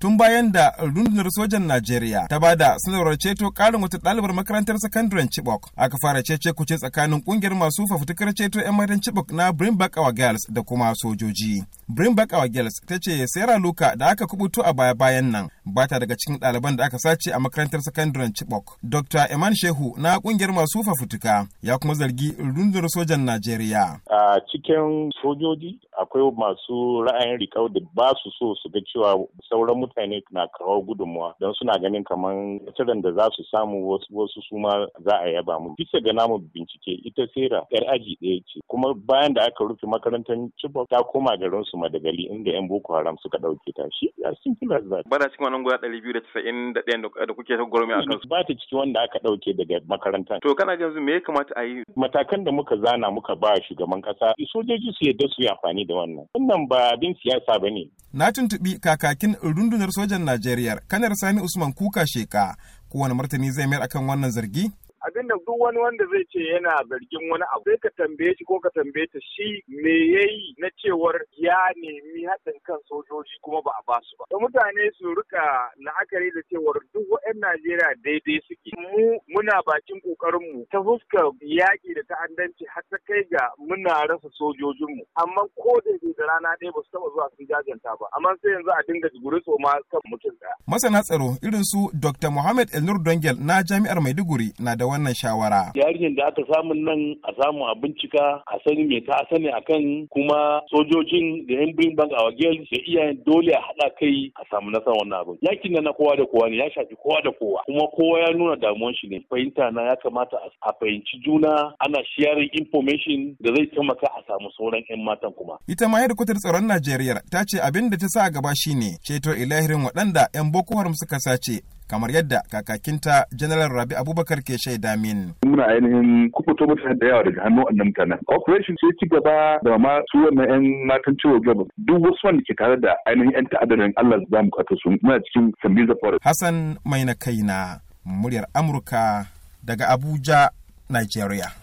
tun bayan da rundunar sojan Najeriya ta bada sanarwar ceto karin wata ɗalibar makarantar sakandaren Chibok. Aka fara cece kuce tsakanin kungiyar masu fafutukar ceto 'yan matan Chibok na Brimbak Awa Our Girls da kuma sojoji. back Our Girls ta ce Sarah Luka da aka kubuto a baya-bayan nan ba ta daga cikin ɗaliban da aka sace a makarantar sakandaren Chibok. Dr. eman Shehu na kungiyar masu fafutuka ya kuma zargi rundunar sojan Najeriya. A cikin sojoji akwai masu ra'ayin rikau da ba su so su ga cewa sauran mutane na kawo gudunmuwa don suna ganin kamar nasarar da za su samu wasu suma ma za a yaba mu. Bisa ga namu bincike ita sera yar aji ɗaya ce kuma bayan da aka rufe makarantar Chibok ta koma garin su kuma da gali inda yan boko haram suka dauke ta shi ya simple as Ba bada cikin wannan guda 291 da kuke ta gurmi a kansu ba ta cikin wanda aka dauke daga makaranta to kana yanzu me ya kamata a yi matakan da muka zana muka ba shugaban kasa sojoji su yadda su yi amfani da wannan wannan ba abin siyasa ba ne na tuntuɓi kakakin rundunar sojan Najeriya kanar Sani Usman Kuka Sheka kowane martani zai mayar akan wannan zargi abin da duk wani wanda zai ce yana zargin wani abu sai ka tambaye shi ko ka tambaye ta shi me yayi na cewar ya nemi haɗin kan sojoji kuma ba a basu ba. Da mutane su rika la'akari da cewar duk wa'yan Najeriya daidai suke. Mu muna bakin ƙoƙarinmu ta fuskar yaƙi da ta'addanci har ta kai ga muna rasa sojojinmu. Amma ko da da rana ɗaya ba su taɓa zuwa sun jajanta ba. Amma sai yanzu a dinga jiguri tsoma kan mutum ɗaya. Masana tsaro irin su Dr. Mohammed Elnur Dongel na Jami'ar Maiduguri na da wannan shawara. Yarinyar da aka samu nan a samu a bincika a sani mai ta sani akan kuma sojojin da yan bin bank our girls da iyayen dole a haɗa kai a samu nasara wannan abin yakin na kowa da kowa ne ya shafi kowa da kowa kuma kowa ya nuna damuwan shi ne fahimta na ya kamata a fahimci juna ana sharing information da zai taimaka a samu sauran yan matan kuma ita ma hedkwatar tsaron Najeriya ta ce abin da ta sa gaba shine ceto ilahirin waɗanda yan Boko Haram suka sace kamar yadda kakakinta General Rabi Abubakar ke shaida min. Muna ainihin kubuto mutane da yawa daga hannu wannan mutanen. Operation sai ci gaba da ma su wannan 'yan matan ciwo gaba. Duk wasu wanda ke tare da ainihin 'yan ta'addarin Allah za mu kwato su muna cikin da Forest. Hassan mai kai na muryar Amurka daga Abuja, Nigeria.